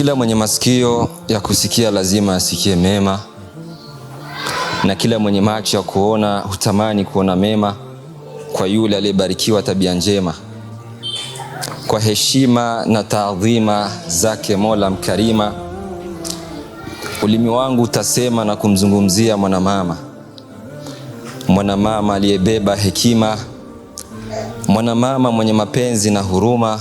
Kila mwenye masikio ya kusikia lazima asikie mema, na kila mwenye macho ya kuona hutamani kuona mema kwa yule aliyebarikiwa tabia njema. Kwa heshima na taadhima zake Mola Mkarima, ulimi wangu utasema na kumzungumzia mwanamama, mwanamama aliyebeba hekima, mwanamama mwenye mapenzi na huruma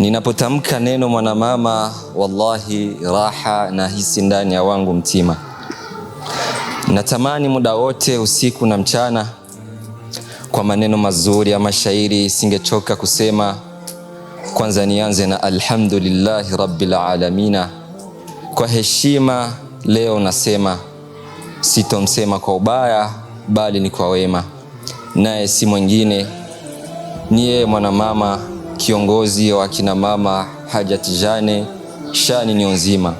Ninapotamka neno mwanamama, wallahi raha na hisi ndani ya wangu mtima. Natamani muda wote, usiku na mchana, kwa maneno mazuri ya mashairi singechoka kusema. Kwanza nianze na alhamdulillahi rabbil alamina. Kwa heshima leo nasema, sitomsema kwa ubaya, bali ni kwa wema, naye si mwingine ni yeye mwanamama kiongozi wa kina mama Hajati Jane Shani Nzima.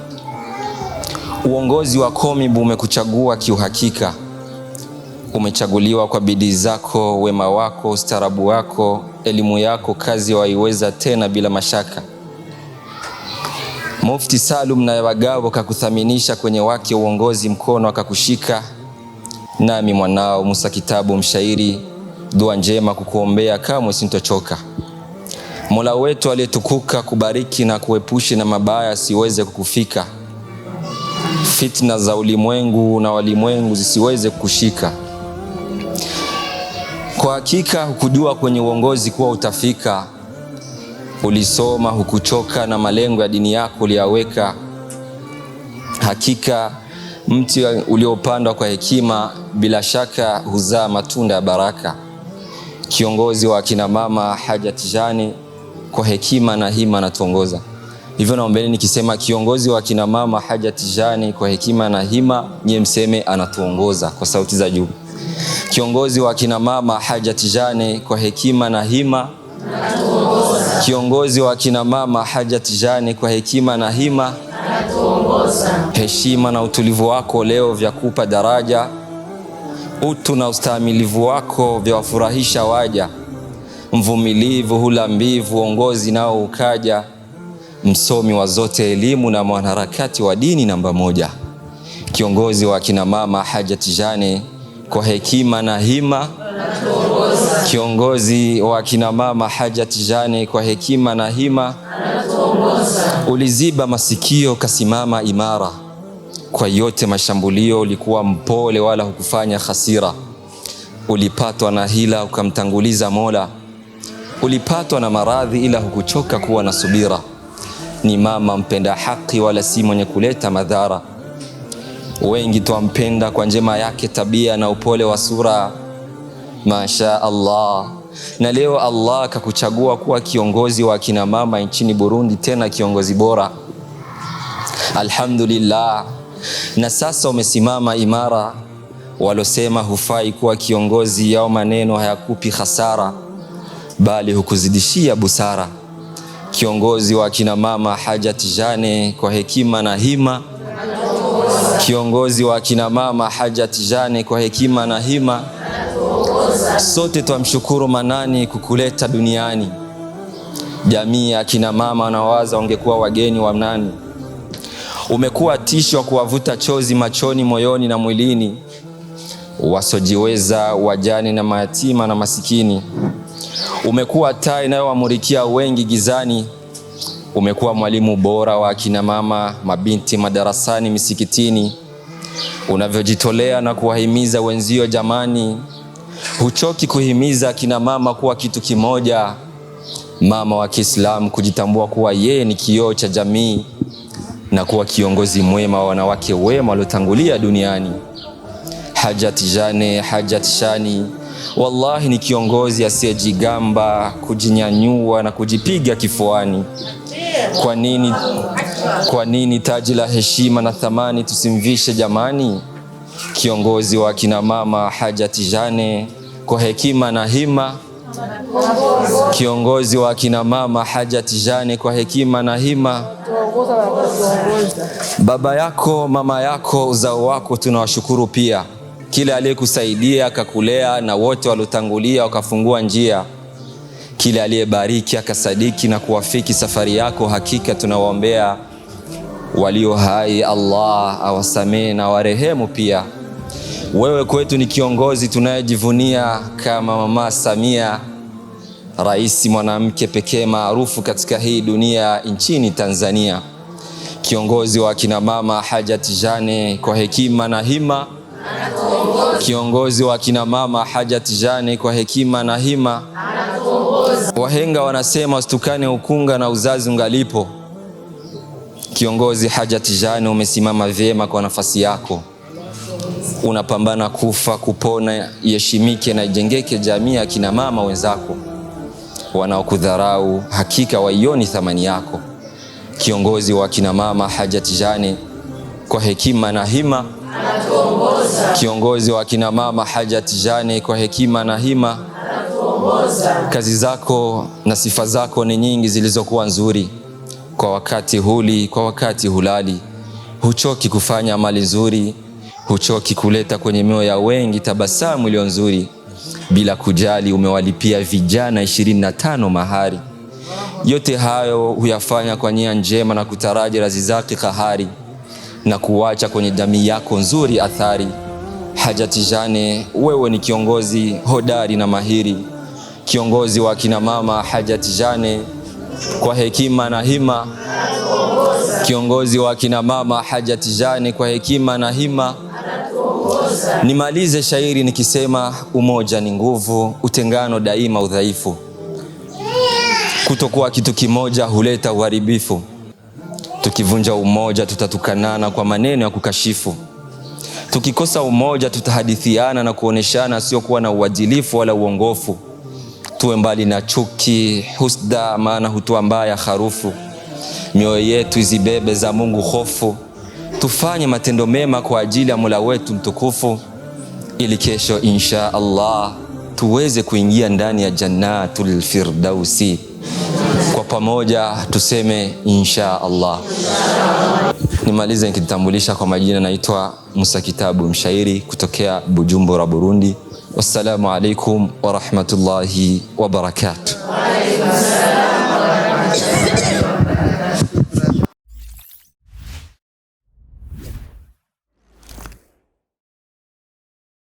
Uongozi wa Komibu umekuchagua kiuhakika. Umechaguliwa kwa bidii zako, wema wako, ustaarabu wako, elimu yako, kazi waiweza tena bila mashaka. Mufti Salum na Wagabo kakuthaminisha kwenye wake uongozi, mkono akakushika. Nami mwanao Musa Kitabu, mshairi, dua njema kukuombea, kamwe sintochoka. Mola wetu aliyetukuka, kubariki na kuepushi na mabaya asiweze kukufika, fitna za ulimwengu na walimwengu zisiweze kukushika. Kwa hakika hukujua kwenye uongozi kuwa utafika, ulisoma hukuchoka, na malengo ya dini yako uliyaweka. Hakika mti uliopandwa kwa hekima bila shaka huzaa matunda ya baraka. Kiongozi wa akina mama Haja Tijani kwa hekima na hima anatuongoza. Hivyo naombeni nikisema kiongozi wa kina mama Haja Tijani, kwa hekima na hima nyie mseme anatuongoza kwa sauti za juu. Kiongozi wa kina mama Haja Tijani, kwa hekima na hima anatuongoza. Kiongozi wa kina mama Haja Tijani, kwa hekima na hima anatuongoza. Heshima na utulivu wako leo vya kupa daraja, utu na ustahimilivu wako vya wafurahisha waja mvumilivu hula mbivu, uongozi nao ukaja, msomi wa zote elimu na mwanaharakati wa dini namba moja, kiongozi wa kinamama mama Hajati Jane kwa hekima na hima, kiongozi wa kinamama mama Jane kwa hekima na hima, uliziba masikio kasimama imara kwa yote mashambulio, ulikuwa mpole wala hukufanya hasira, ulipatwa na hila ukamtanguliza Mola ulipatwa na maradhi ila hukuchoka kuwa na subira. Ni mama mpenda haki, wala si mwenye kuleta madhara. Wengi twampenda kwa njema yake, tabia na upole wa sura, masha Allah. Na leo Allah akakuchagua kuwa kiongozi wa akina mama nchini Burundi, tena kiongozi bora, alhamdulillah. Na sasa umesimama imara. Walosema hufai kuwa kiongozi, yao maneno hayakupi hasara bali hukuzidishia busara. Kiongozi wa kina mama Haja tijane kwa hekima na hima, kiongozi wa kina mama Haja tijane kwa hekima na hima, sote twamshukuru Manani kukuleta duniani. Jamii ya kina mama wanawaza wangekuwa wageni wa Mnani. Umekuwa tisho wa kuwavuta chozi machoni, moyoni na mwilini, wasojiweza, wajane na mayatima na masikini. Umekuwa taa inayowamulikia wengi gizani. Umekuwa mwalimu bora wa akina mama, mabinti madarasani, misikitini. Unavyojitolea na kuwahimiza wenzio, jamani, huchoki kuhimiza akina mama kuwa kitu kimoja, mama wa Kiislamu kujitambua kuwa yeye ni kioo cha jamii na kuwa kiongozi mwema wa wanawake wema waliotangulia duniani. Hajat Jane, Hajat Shani Wallahi ni kiongozi asiyejigamba, kujinyanyua na kujipiga kifuani. Kwa nini, kwa nini taji la heshima na thamani tusimvishe jamani? Kiongozi wa kina mama Hajati Jane kwa hekima na hima Kiongozi wa kina mama Hajati Jane kwa hekima na hima. Baba yako, mama yako, uzao wako tunawashukuru pia kila aliyekusaidia akakulea, na wote waliotangulia wakafungua njia, kila aliyebariki akasadiki na kuwafiki safari yako. Hakika tunawaombea walio hai, Allah awasamehe na warehemu. Pia wewe kwetu ni kiongozi tunayejivunia kama Mama Samia, rais mwanamke pekee maarufu katika hii dunia nchini Tanzania, kiongozi wa akina mama Hajat Jane kwa hekima na hima kiongozi wa kina mama Haja Tijani kwa hekima na hima. Wahenga wanasema usitukane ukunga na uzazi ungalipo. Kiongozi Haja Tijani, umesimama vyema kwa nafasi yako, unapambana kufa kupona, iheshimike na ijengeke jamii ya kina mama wenzako. Wanaokudharau hakika waioni thamani yako. Kiongozi wa kina mama Haja Tijani kwa hekima na hima kiongozi wa kina mama Haja Tijani, kwa hekima na hima kazi zako na sifa zako ni nyingi zilizokuwa nzuri kwa wakati huli, kwa wakati hulali, huchoki kufanya mali nzuri, huchoki kuleta kwenye mioyo ya wengi tabasamu iliyo nzuri. Bila kujali umewalipia vijana 25 mahari. Yote hayo huyafanya kwa nia njema na kutaraji razi zake kahari na kuwacha kwenye jamii yako nzuri athari. hajatijane wewe ni kiongozi hodari na mahiri, kiongozi wa kina mama. Haja kwa hekima na hima, kiongozi wa kina mama. Haja kwa hekima na hima. Nimalize shairi nikisema, umoja ni nguvu, utengano daima udhaifu. Kutokuwa kitu kimoja huleta uharibifu. Tukivunja umoja, tutatukanana kwa maneno ya kukashifu. Tukikosa umoja, tutahadithiana na kuoneshana asiokuwa na uadilifu wala uongofu. Tuwe mbali na chuki, husda, maana hutoa mbaya harufu. Mioyo yetu izibebe za Mungu hofu. Tufanye matendo mema kwa ajili ya mula wetu mtukufu, ili kesho insha Allah tuweze kuingia ndani ya jannatulfirdausi pamoja tuseme insha Allah. Nimalize nikitambulisha kwa majina, naitwa Musa Kitabu, mshairi kutokea Bujumbura, Burundi. Wassalamu alaikum warahmatullahi wabarakatuh.